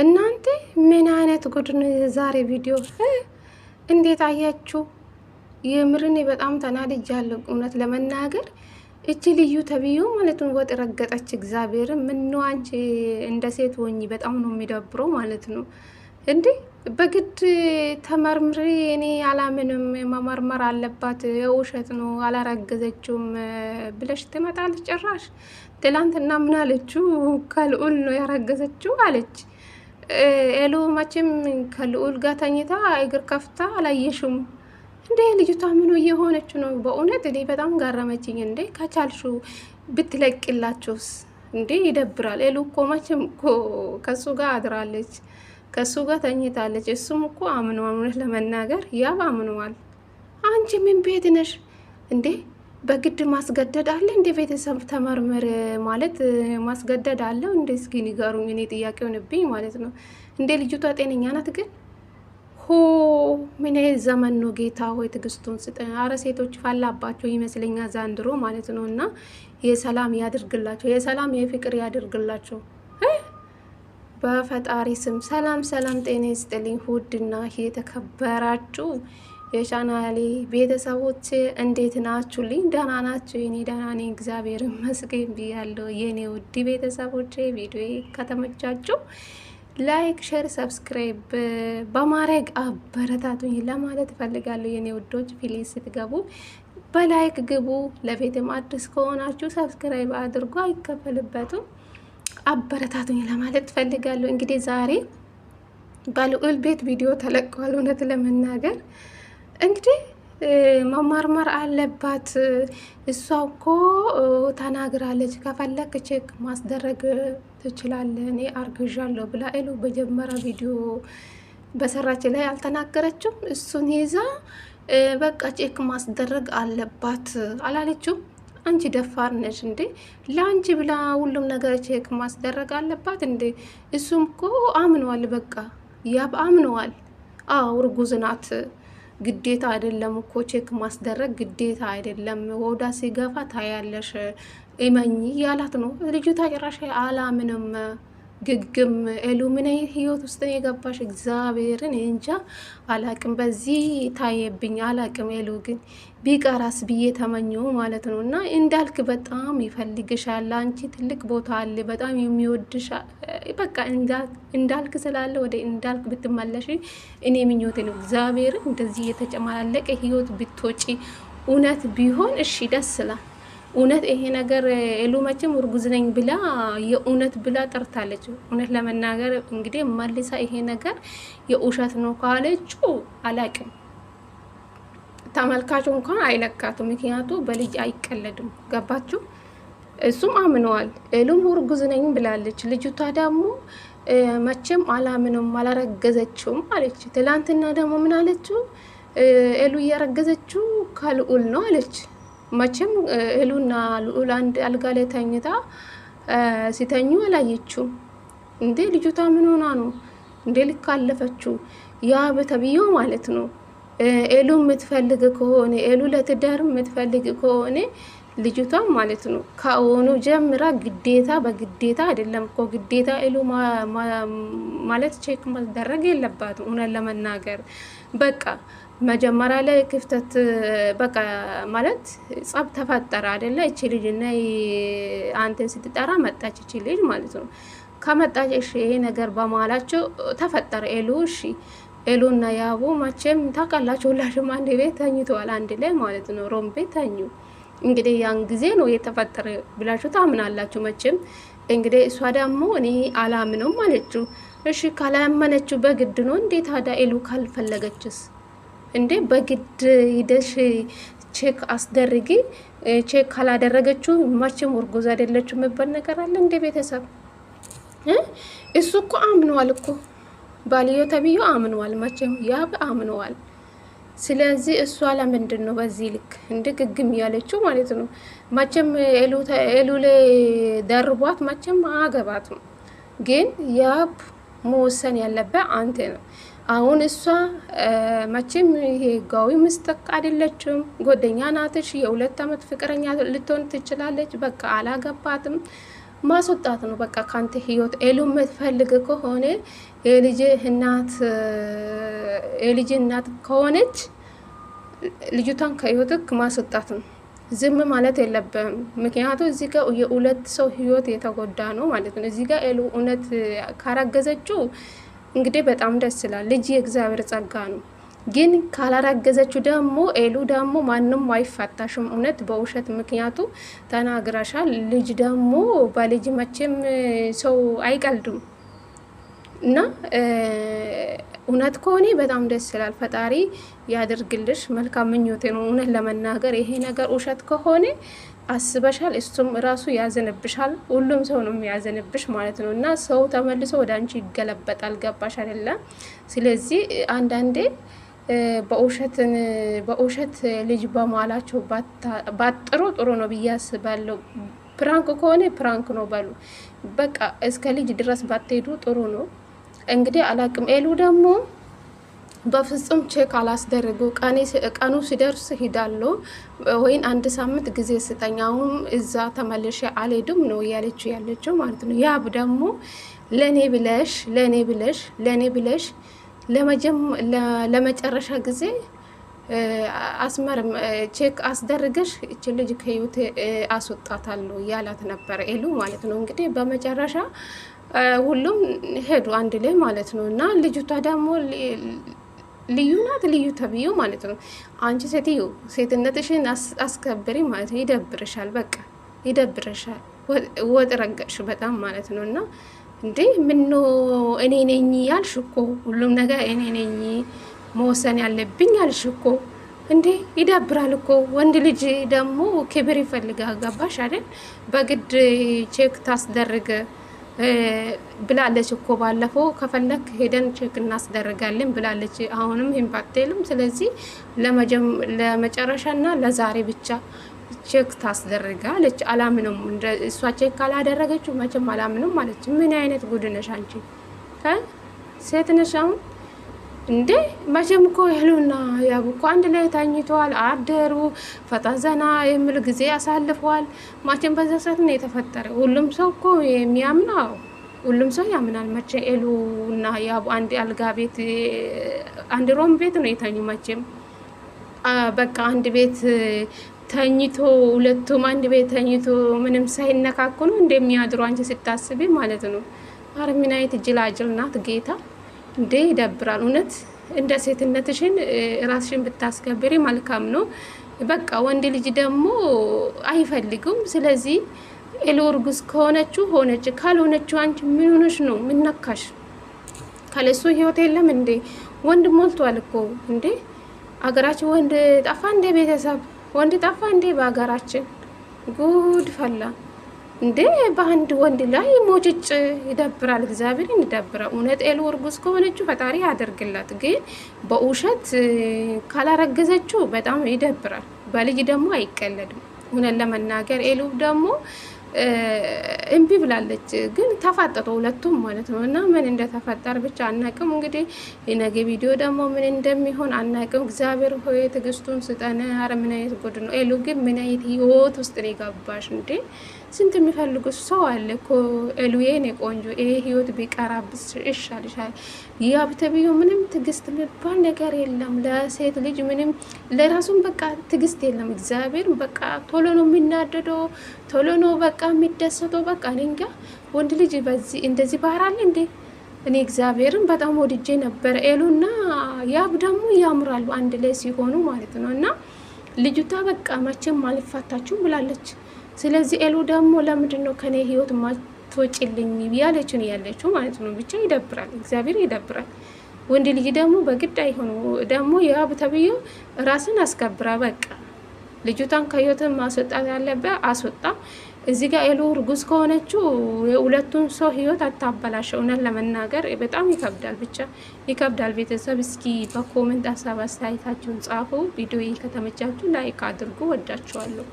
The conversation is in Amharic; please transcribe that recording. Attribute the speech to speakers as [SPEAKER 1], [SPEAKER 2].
[SPEAKER 1] እናንተ ምን አይነት ጉድ ነው የዛሬ ቪዲዮ? እንዴት አያችሁ? የምርን በጣም ተናድጃለሁ። እውነት ለመናገር እቺ ልዩ ተብዩ ነው ወጥ ረገጠች። እግዚአብሔር ምን አንቺ እንደ ሴት ወኝ በጣም ነው የሚደብሮ ማለት ነው። እንዴ በግድ ተመርምሪ። እኔ አላምንም። መመርመር አለባት። የውሸት ነው አላረገዘችውም ብለሽ ትመጣለች። ጭራሽ ትላንትና ምን አለችው? ከልዑል ነው ያረገዘችው አለች። ኤሉ መቼም ከልዑል ጋር ተኝታ እግር ከፍታ አላየሽም እንዴ? ልጅቷ ምኑ እየሆነች ነው? በእውነት እኔ በጣም ጋረመችኝ። እንዴ ከቻልሹ ብትለቅላቸውስ እንዴ ይደብራል። ኤሉ እኮ መቼም እኮ ከሱ ጋር አድራለች፣ ከሱ ጋር ተኝታለች። እሱም እኮ አምኗል። እውነት ለመናገር ያብ አምኗል። አንቺ ምን ቤት ነሽ እንዴ? በግድ ማስገደድ አለ እንደ ቤተሰብ ተመርምር ማለት ማስገደድ አለ እንደ እስኪ ንገሩኝ። እኔ ጥያቄ ሆንብኝ ማለት ነው። እንደ ልጅቷ ጤነኛ ናት ግን ሆ ምን ዘመን ነው ጌታ ሆይ ትግስቱን ስጠን። አረ ሴቶች ፋላባቸው ይመስለኛ ዛንድሮ ማለት ነው። እና የሰላም ያድርግላቸው፣ የሰላም የፍቅር ያድርግላቸው በፈጣሪ ስም። ሰላም ሰላም፣ ጤና ይስጥልኝ ውድና የተከበራችሁ የቻናሌ ቤተሰቦች እንዴት ናችሁልኝ? ደህና ናችሁ? የኔ ደህና ነኝ እግዚአብሔር ይመስገን ብያለሁ። የኔ ውድ ቤተሰቦች ቪዲዮ ከተመቻችሁ ላይክ፣ ሼር፣ ሰብስክራይብ በማድረግ አበረታቱኝ ለማለት እፈልጋለሁ። የኔ ውዶች ፕሊዝ ስትገቡ በላይክ ግቡ። ለቤትም አዲስ ከሆናችሁ ሰብስክራይብ አድርጎ አይከፈልበትም። አበረታቱኝ ለማለት እፈልጋለሁ። እንግዲህ ዛሬ በልዑል ቤት ቪዲዮ ተለቀዋል። እውነት ለመናገር እንግዲህ መመርመር አለባት። እሷ እኮ ተናግራለች። ከፈለክ ቼክ ማስደረግ ትችላለህ፣ እኔ አርግዣለሁ ብላ ኤሉ በጀመሪያ ቪዲዮ በሰራች ላይ አልተናገረችም። እሱን ይዛ በቃ ቼክ ማስደረግ አለባት አላለችም። አንቺ ደፋር እንዴ? ለአንቺ ብላ ሁሉም ነገር ቼክ ማስደረግ አለባት እንዴ? እሱም እኮ አምነዋል። በቃ ያብ አምነዋል። አዎ እርጉዝ ናት ግዴታ አይደለም እኮ ቼክ ማስደረግ ግዴታ አይደለም። ወዳ ሲገፋ ታያለሽ እመኝ እያላት ነው ልጅቷ። ጭራሽ አላምንም ግግም ኤሉ ምን ህይወት ውስጥ የገባሽ? እግዚአብሔርን እንጃ አላቅም። በዚህ ታየብኝ አላቅም። ኤሉ ግን ቢቀራስ ብዬ ተመኘ ማለት ነው። እና እንዳልክ በጣም ይፈልግሻል። አንቺ ትልቅ ቦታ አለ። በጣም የሚወድሻል በቃ እንዳልክ ስላለ ወደ እንዳልክ ብትመለሽ እኔ ምኞቴ ነው። እግዚአብሔር እንደዚህ የተጨማላለቀ ህይወት ብትወጪ እውነት ቢሆን እሺ ደስ ስላል እውነት ይሄ ነገር ሄሉ መቼም እርጉዝ ነኝ ብላ የእውነት ብላ ጠርታለች። እውነት ለመናገር እንግዲህ መልሳ ይሄ ነገር የውሸት ነው ካለች አላቅም ተመልካቹ እንኳን አይለካቱ። ምክንያቱ በልጅ አይቀለድም። ገባችሁ? እሱም አምነዋል። ልሙር እርጉዝ ነኝ ብላለች። ልጅቷ ደግሞ መቼም አላምንም አላረገዘችውም አለች። ትላንትና ደግሞ ምን አለችው? ኤሉ እያረገዘችው ከልዑል ነው አለች። መቼም ኤሉና ልዑል አንድ አልጋ ላይ ተኝታ ሲተኙ አላየችውም። እንዴ ልጅቷ ምን ሆና ነው እንዴ? ልክ አለፈችው። ያ በተብዬው ማለት ነው። ኤሉ የምትፈልግ ከሆነ ኤሉ ለትዳር የምትፈልግ ከሆነ ልጅቷ ማለት ነው ከአሁኑ ጀምራ ግዴታ በግዴታ አይደለም እኮ ግዴታ እሉ ማለት ቼክ መደረግ የለባት እውነት ለመናገር በቃ መጀመሪያ ላይ ክፍተት በቃ ማለት ጸብ ተፈጠረ አይደለ? እቺ ልጅ እና አንተን ስትጠራ መጣች እቺ ልጅ ማለት ነው። ከመጣች እሺ ይሄ ነገር በማላቸው ተፈጠረ ኤሉ እሺ ኤሉና ያቡ መቼም ታውቃላችሁ፣ ሁላችሁም አንድ ቤት ተኝተዋል፣ አንድ ላይ ማለት ነው፣ ሮም ቤት ተኙ። እንግዲህ ያን ጊዜ ነው የተፈጠረ ብላችሁ ታምናላችሁ። መቼም እንግዲህ እሷ ደግሞ እኔ አላምነው አለችው። እሺ ካላመነችው በግድ ነው እንዴ ታዲያ? ኤሉ ካልፈለገችስ እንዴ? በግድ ሂደሽ ቼክ አስደርጊ። ቼክ ካላደረገችው መቼም እርጉዝ አይደለችው የሚባል ነገር አለ እንዴ? ቤተሰብ። እሱ እኮ አምነዋል እኮ ባልዮ ተብዮ አምነዋል፣ መቼም ያብ አምነዋል። ስለዚህ እሷ ለምንድን ነው በዚህ ልክ እንደ ግግም ያለችው ማለት ነው? መቼም ኤሉሌ ደርቧት መቼም አገባትም። ግን ያ መወሰን ያለበት አንተ ነው። አሁን እሷ መቼም ይሄ ህጋዊ ምስጠቅ አይደለችም። ጓደኛ ናትሽ። የሁለት አመት ፍቅረኛ ልትሆን ትችላለች። በቃ አላገባትም። ማስወጣት ነው በቃ ከአንተ ህይወት። ኤሉ የምትፈልግ ከሆነ የልጅ እናት የልጅ እናት ከሆነች ልጅቷን ከህይወትክ ማስወጣት ነው። ዝም ማለት የለብም። ምክንያቱ እዚህ ጋር የሁለት ሰው ህይወት የተጎዳ ነው ማለት ነው። እዚህ ጋር ኤሉ እውነት ካረገዘችው እንግዲህ በጣም ደስ ይላል። ልጅ የእግዚአብሔር ጸጋ ነው። ግን ካላረገዘችው ደግሞ ኤሉ ደግሞ ማንም አይፈታሽም። እውነት በውሸት ምክንያቱ ተናግራሻል። ልጅ ደግሞ በልጅ መቼም ሰው አይቀልድም እና እውነት ከሆነ በጣም ደስ ይላል። ፈጣሪ ያደርግልሽ መልካም ምኞቴ ነው። እውነት ለመናገር ይሄ ነገር ውሸት ከሆነ አስበሻል፣ እሱም ራሱ ያዘንብሻል። ሁሉም ሰው ነው የሚያዘንብሽ ማለት ነው እና ሰው ተመልሶ ወደ አንቺ ይገለበጣል። ገባሽ አይደለም? ስለዚህ አንዳንዴ በውሸት ልጅ በማላቸው ባጥሩ ጥሩ ነው ብዬ አስባለሁ። ፕራንክ ከሆነ ፕራንክ ነው በሉ በቃ እስከ ልጅ ድረስ ባትሄዱ ጥሩ ነው። እንግዲህ አላቅም። ኤሉ ደግሞ በፍጹም ቼክ አላስደረጉ። ቀኑ ሲደርስ ሂዳለሁ ወይን አንድ ሳምንት ጊዜ ስጠኝ፣ አሁን እዛ ተመልሼ አልሄድም ነው እያለችው ያለችው ማለት ነው። ያብ ደግሞ ለእኔ ብለሽ ለእኔ ብለሽ ለእኔ ብለሽ ለመጨረሻ ጊዜ አስመር ቼክ አስደርገሽ እች ልጅ ከህይወት አስወጣታለሁ ያላት ነበር ኤሉ ማለት ነው። እንግዲህ በመጨረሻ ሁሉም ሄዱ አንድ ላይ ማለት ነው እና ልጅቷ ደግሞ ልዩ ናት። ልዩ ተብዩ ማለት ነው። አንቺ ሴትዮ ሴትነትሽን አስከብሪ ማለት ነው። ይደብርሻል፣ በቃ ይደብርሻል። ወጥ ረገሽ በጣም ማለት ነው እና እንዴ ምኖ እኔ ነኝ ያልሽ እኮ ሁሉም ነገር እኔ ነኝ መወሰን ያለብኝ ያልሽ እኮ እንዴ ይዳብራል እኮ ወንድ ልጅ ደግሞ ክብር ይፈልጋ ገባሽ አይደል በግድ ቼክ ታስደርገ ብላለች እኮ ባለፈው ከፈለክ ሄደን ቼክ እናስደርጋለን ብላለች አሁንም ሂምባቴልም ስለዚህ ለመጨረሻና ለዛሬ ብቻ ቼክ ታስደርጋለች። አላምንም እሷ ቼክ ካላደረገችው መቼም አላምንም ማለች። ምን አይነት ጉድ ነሽ አንቺ? ሴት ነሽ አሁን እንዴ? መቼም እኮ ይህሉና ያቡ እኮ አንድ ላይ ታኝቷል አደሩ ፈታ ዘና የሚል ጊዜ አሳልፈዋል። ማቼም በዛ ሰዓት ነው የተፈጠረ። ሁሉም ሰው እኮ የሚያምናው ሁሉም ሰው ያምናል። መቼ ኤሉ እና ያቡ አንድ አልጋ ቤት አንድ ሮም ቤት ነው የተኙ። መቼም በቃ አንድ ቤት ተኝቶ ሁለቱም አንድ ቤት ተኝቶ ምንም ሳይነካኩ ነው እንደሚያድሩ አንቺ ስታስቢ ማለት ነው። አርሚናይት ጅላጅል ናት ጌታ እንዴ ይደብራል። እውነት እንደ ሴትነትሽን ራስሽን ብታስከብሪ መልካም ነው። በቃ ወንድ ልጅ ደግሞ አይፈልግም። ስለዚህ ኤሎ ከሆነችው ሆነች፣ ካልሆነችው አንቺ ምን ሆነሽ ነው? ምነካሽ ነካሽ? ካለሱ ህይወት የለም እንዴ? ወንድ ሞልቷል እኮ እንዴ አገራችን። ወንድ ጠፋ እንደ ቤተሰብ ወንድ ጠፋ እንዴ በሀገራችን? ጉድ ፈላ እንዴ! በአንድ ወንድ ላይ ሞጭጭ ይደብራል። እግዚአብሔር ይደብራ። እውነት ኤሉ እርጉዝ ከሆነችው ፈጣሪ ያደርግላት። ግን በውሸት ካላረገዘችው በጣም ይደብራል። በልጅ ደግሞ አይቀለድም። እውነት ለመናገር ኤሉ ደግሞ እምቢ ብላለች። ግን ተፋጠጡ ሁለቱም ማለት ነው። እና ምን እንደተፈጠር ብቻ አናቅም። እንግዲህ የነገ ቪዲዮ ደግሞ ምን እንደሚሆን አናቅም። እግዚአብሔር ሆይ ትግስቱን ስጠን። አረ ምን አይነት ነው! ኤሉ ግን ምን አይነት ህይወት ውስጥ ነው የገባሽ እንዴ? ስንት የሚፈልጉት ሰው አለ እኮ የቆንጆ የኔ ህይወት ቢቀራብስ ይሻልሻል። ያብተብዩ ምንም ትግስት የሚባል ነገር የለም ለሴት ልጅ ምንም ለራሱም በቃ ትግስት የለም። እግዚአብሔር በቃ ቶሎ ነው የሚናደደው፣ ቶሎ ነው በቃ የሚደሰተው። በቃ እኔ እንጃ ወንድ ልጅ በዚህ እንደዚህ ባህራል እንዴ? እኔ እግዚአብሔርን በጣም ወድጄ ነበረ። ኤሉና ያብ ደግሞ ያምራሉ አንድ ላይ ሲሆኑ ማለት ነው። እና ልጅቷ በቃ መቼም አልፋታችሁም ብላለች። ስለዚህ ኤሉ ደግሞ ለምንድን ነው ከኔ ህይወት ማትወጪልኝ ያለችን ያለችው ማለት ነው። ብቻ ይደብራል፣ እግዚአብሔር ይደብራል። ወንድ ልጅ ደግሞ በግድ አይሆኑ ደግሞ የሀብ ተብዬው ራስን አስከብራ በቃ ልጅቷን ከህይወት ማስወጣት ያለበ አስወጣ። እዚህ ጋር ኤሉ እርጉዝ ከሆነችው የሁለቱን ሰው ህይወት አታበላሸው። እውነት ለመናገር በጣም ይከብዳል፣ ብቻ ይከብዳል። ቤተሰብ እስኪ በኮመንት ሀሳብ አስተያየታችሁን ጻፉ። ቪዲዮ ከተመቻችሁ ላይክ አድርጉ። ወዳችኋለሁ።